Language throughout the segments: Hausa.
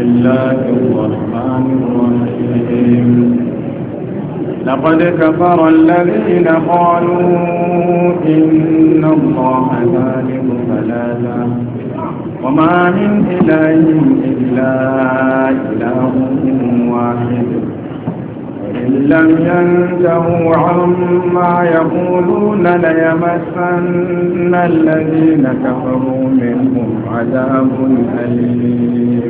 الله الرحمن الرحيم لقد كفر الذين قالوا إن الله ذلك ثلاثة وما من إله إلا إله واحد إن لم ينتهوا عما يقولون ليمسن الذين كفروا منهم عذاب أليم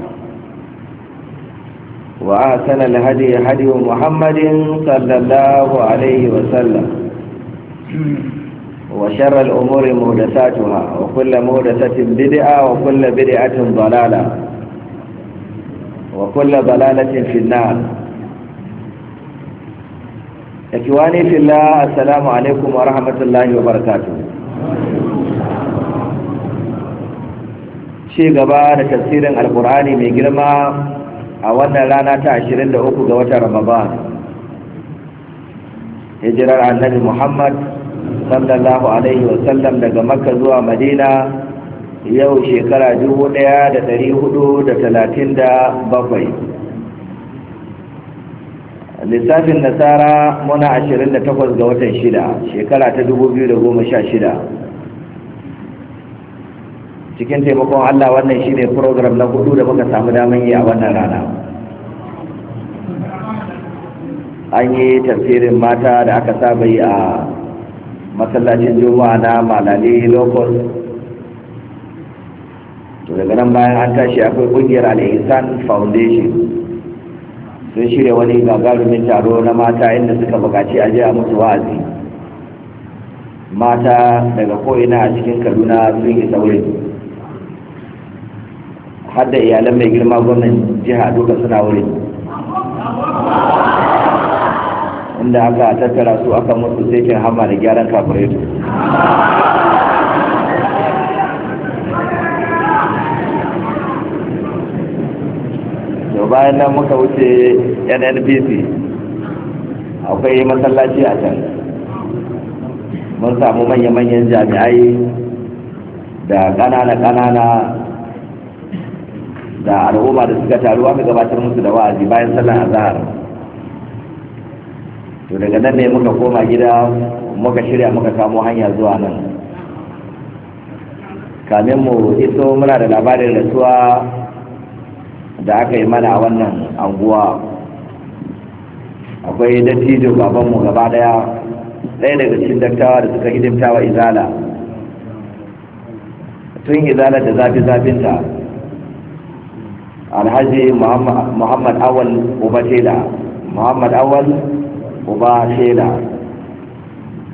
وأحسن الهدي هدي محمد صلى الله عليه وسلم وشر الأمور مهدساتها وكل مهدسة بدعة وكل بدعة ضلالة وكل ضلالة في النار إخواني في الله السلام عليكم ورحمة الله وبركاته شيء قبار تفسير القرآن من جرمه a wannan rana ta 23 ga watan Ramadan hijirar annabi Muhammad sallallahu alaihi wa sallam daga Makka zuwa Madina yau shekara 1437 lissafin nasara muna 28 ga watan 6 shekara ta 2016 cikin taimakon Allah wannan shi ne program na hudu da muka samu daman yi a wannan rana an yi tafsirin mata da aka saba yi a masallacin juma'a na malali locals to daga nan bayan an tashi akwai kungiyar alisan foundation sun shirya wani gagarumin taro na mata inda suka bukaci a jiya musu wa'azi mata daga ko'ina a cikin kaduna sun yi saurin har da iyalan mai girma gwamnan jiha duka suna wuri inda aka tattara su aka mutu sai kin hama da gyaran kafireto to bayan nan muka wuce nnpc akwai masallaci a can mun samu manya-manyan jami'ai da ƙanana-ƙanana da al'umma da suka taru aka gabatar musu da wa'azi bayan sallar azhar to daga nan ne muka koma gida muka shirya muka kamo hanya zuwa nan kamin mu iso muna da labarin rasuwa da aka yi mana a wannan anguwa akwai dattijo babanmu gaba daya ɗaya daga cikin dattawa da suka hidimta wa izala tun izala da zafi-zafinta alhaji muhammad awal uba tela muhammad awal uba tela